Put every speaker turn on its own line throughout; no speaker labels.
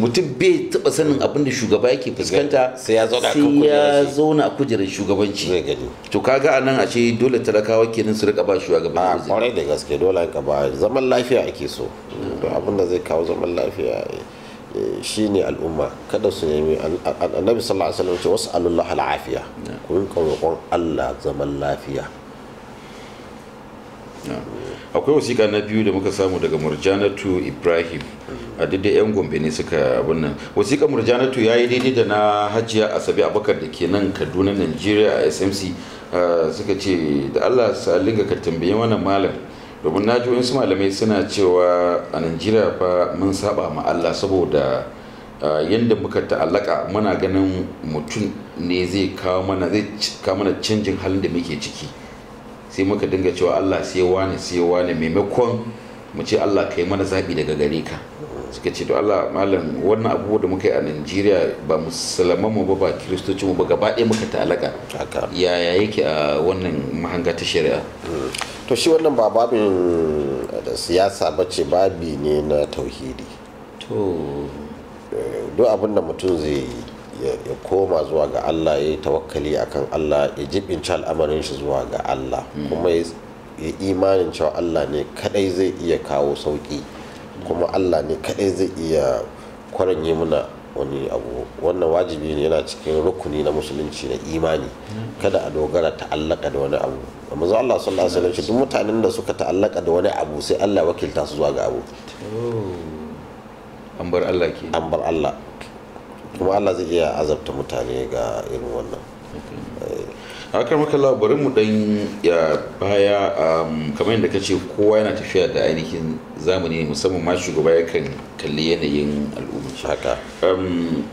mutum bai taɓa sanin abin da shugaba yake fuskanta sai ya zauna a
kujerar shugabanci to kaga anan a ce dole talakawa kenan su rika ba shugaban a kwarai da gaske dole ka ba zaman lafiya ake so to abin da zai kawo zaman lafiya eh, shine al'umma kada su nemi annabi sallallahu alaihi wasallam wasu was'alullahi al'afiya ku kawo roƙon Allah zaman lafiya
akwai wasiƙa na biyu da muka samu daga murjanatu ibrahim mm. a duk yan gombe ne suka abin nan wasiƙa murjanatu ya yi daidai da na hajiya asabe abakar da ke nan kaduna nigeria a smc ah, suka ce da allah salinga ka tambayi wannan malam domin na ji wasu malamai suna cewa a nigeria fa mun saba ma allah saboda ah, yadda muka ta'allaka mana ganin mutum ne zai kawo mana zai kawo mana canjin halin da muke ciki sai muka dinga cewa allah sai wani sai wani maimakon mu ce allah ka yi mana zaɓi daga gare ka suka ce da Allah malam wannan abubuwa da muka yi a Najeriya ba musulman mu ba ba kiristoci mu ba gaba ɗaya muka talaka
yaya yake a wannan mahanga ta shari'a hmm. to shi wannan ba babin da eh, siyasa ba ce babi ne na tauhidi to eh, duk abin da mutum zai ya koma zuwa ga Allah ya yi tawakkali akan Allah ya jibinci al'amarin shi zuwa ga Allah hmm. kuma ya imanin cewa Allah ne kadai zai iya kawo sauki kuma allah ne kaɗai zai iya kwaranye muna wani abu wannan wajibi ne yana cikin rukuni na musulunci na imani kada a dogara ta'allaka da wani abu manzo Allah sallallahu alaihi wasallam duk mutanen da suka ta'allaka da wani abu sai Allah wakilta su zuwa ga abu an bar Allah ke an bar Allah kuma Allah zai iya azabta mutane ga irin wannan Eh,
akar makalla bari mu dan ya baya
kamar yadda kace
kowa yana tafiya da ainihin zamani musamman ma shugaba ya kan kalli yanayin al'umma haka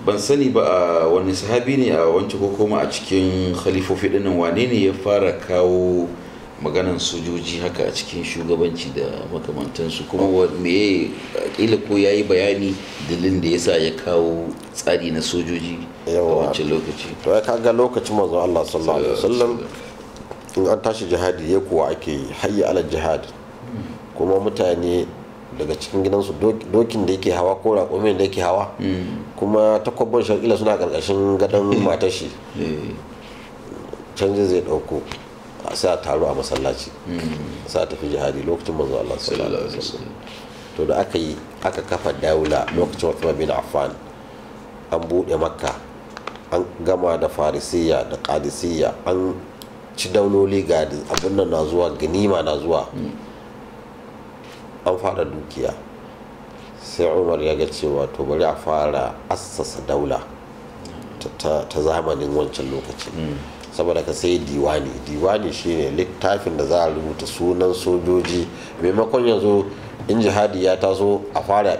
ban sani ba a wani sahabi ne a wancan ko kuma a cikin khalifofi dinnan wane ne ya fara kawo maganan sojoji haka a cikin shugabanci da makamantansu kuma me kila ko ya yi bayani dalilin da
ya sa ya kawo tsari na sojoji a wancan lokaci to ya kaga lokacin manzon Allah sallallahu alaihi wasallam in an tashi jihadi ya kuwa ake hayya ala jihad kuma mutane daga cikin gidansu dokin da yake hawa ko raƙumin da yake hawa mm. kuma takwabban shakila suna ƙarƙashin gadon matashi eh. canji zai ɗauko sai a taru a masallaci hmm. sai a tafi jihadi lokacin manzo Allah sallallahu to da aka yi aka kafa daula lokacin Uthman bin Affan an buɗe makka an gama da farisiyya da qadisiyya an ci daunoli ga abin na zuwa ganima na zuwa hmm. an fara dukiya sai umar ya ga cewa to bari a fara assasa daula hmm. ta zamanin wancan lokacin saboda ka sai diwani diwani shine littafin da za a rubuta sunan sojoji maimakon yanzu in jihadi ya taso a fara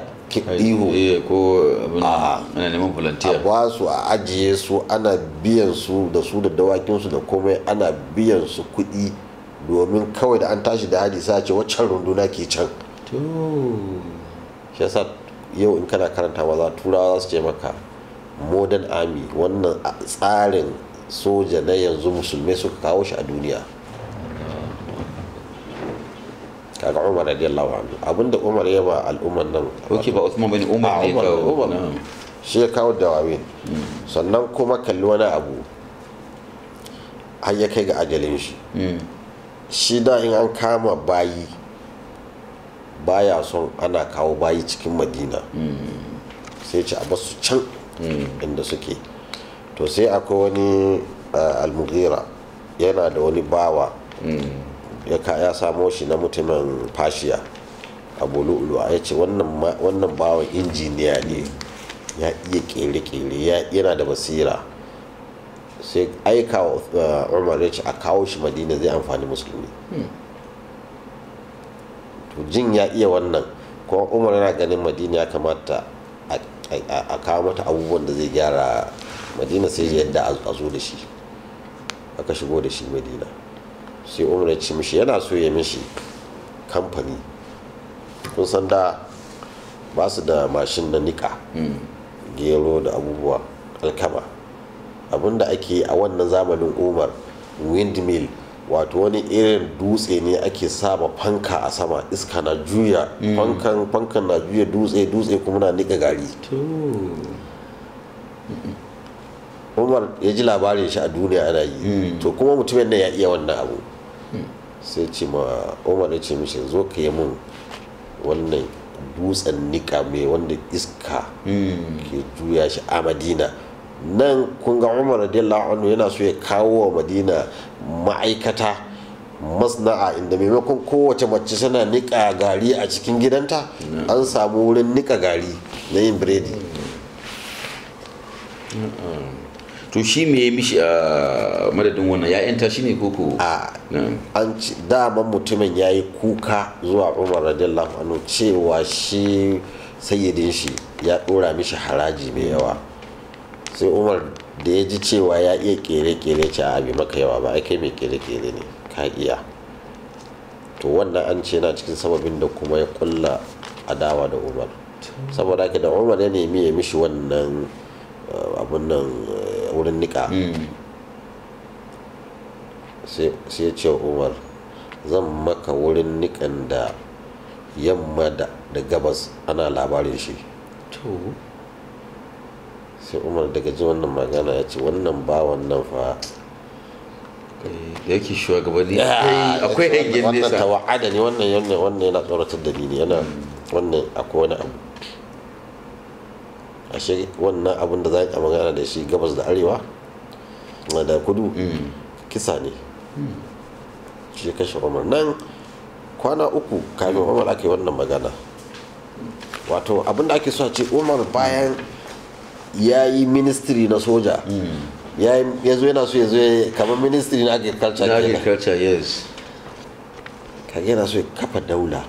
ihu eh, ko ana a ba a ajiye su ana biyan su da su da dawakin da komai ana biyan su kuɗi domin kawai da an tashi da hadisa ce waccan runduna ke can yasa yau in kana karanta za turawa za su ce maka modern army wannan tsarin soja na yanzu musulmai suka kawo shi a duniya kaga umar radiyallahu anhu abinda umar ya ba al'ummar nan oke ba usman bane umar ah, ne umar shi ya kawo dawamin hmm. sannan kuma kalli wani abu har ya kai ga ajalin shi hmm. shi da in an kama bayi baya son ana kawo bayi cikin madina
hmm.
sai ce a basu can inda suke to sai akwai wani eh, almugira yana da wani bawa mm. ya samo shi na mutumin fashiya a lu'uluwa ya ce wannan bawan injiniya ne ya iya kere-kere yana da basira sai aika wa eh, umar ya ce a kawo shi madina zai amfani musulmi hmm. to jin ya iya wannan kuma umar yana ganin madina ya kamata a kawo mata abubuwan da zai gyara madina sai yadda a zo da shi aka shigo da shi madina sai umar ya ci mishi yana so ya mishi kamfani kun san da ba su da mashin na nika gero da abubuwa alkama abinda ake a wannan zamanin umar windmill wato wani irin dutse ne ake saba fanka a sama iska na juya mm. fankan na juya dutse dutse kuma na nika gari umar ya ji labarin shi a duniya ana yi hmm. to kuma mutumin nan ya iya wannan abu hmm. sai ce ma umar ya ce mishi zo ka yi mun wannan dutsen nika mai wanda iska hmm. ke juya shi a madina nan kun ga umar radiyallahu yana so ya kawo wa madina ma'aikata masna'a inda maimakon kowace mace suna nika gari a cikin gidanta an samu wurin nika gari na yin biredi to shi me ya mishi a ah, madadin wannan ya yanta shi ne koko a an daman mutumin ya yi kuka zuwa umar radiyallahu anhu cewa shi sayyidin shi ya dora mishi haraji mai yawa sai umar da ya ji cewa ya iya kere-kere ce a abi maka yawa ba kai mai kere-kere ne ka iya to wannan an ce na cikin sababin da kuma ya kulla adawa da umar saboda haka da umar ya nemi ya mishi wannan ah, abun nan wurin nika mm. sai ya ce umar zan maka wurin nikan da yamma da gabas ana labarin shi sai umar daga ji wannan magana ya ce wannan ba wannan fa eh, da yake shugabanni ah, akwai yan nesa wannan tawa'ada ne wannan yana tsoratar da ni ne yana mm. wannan akwai wani abu ashe wannan abin da za a magana da shi gabas da arewa da kudu mm. kisa ne mm. shi kashe umar nan kwana uku kafin umar mm. aka yi wannan magana wato abin da ake so a ce umar bayan ya yi ministry na soja ya zo yana so ya zo kamar ministry na agriculture yes Kage yana so ya kafa
daula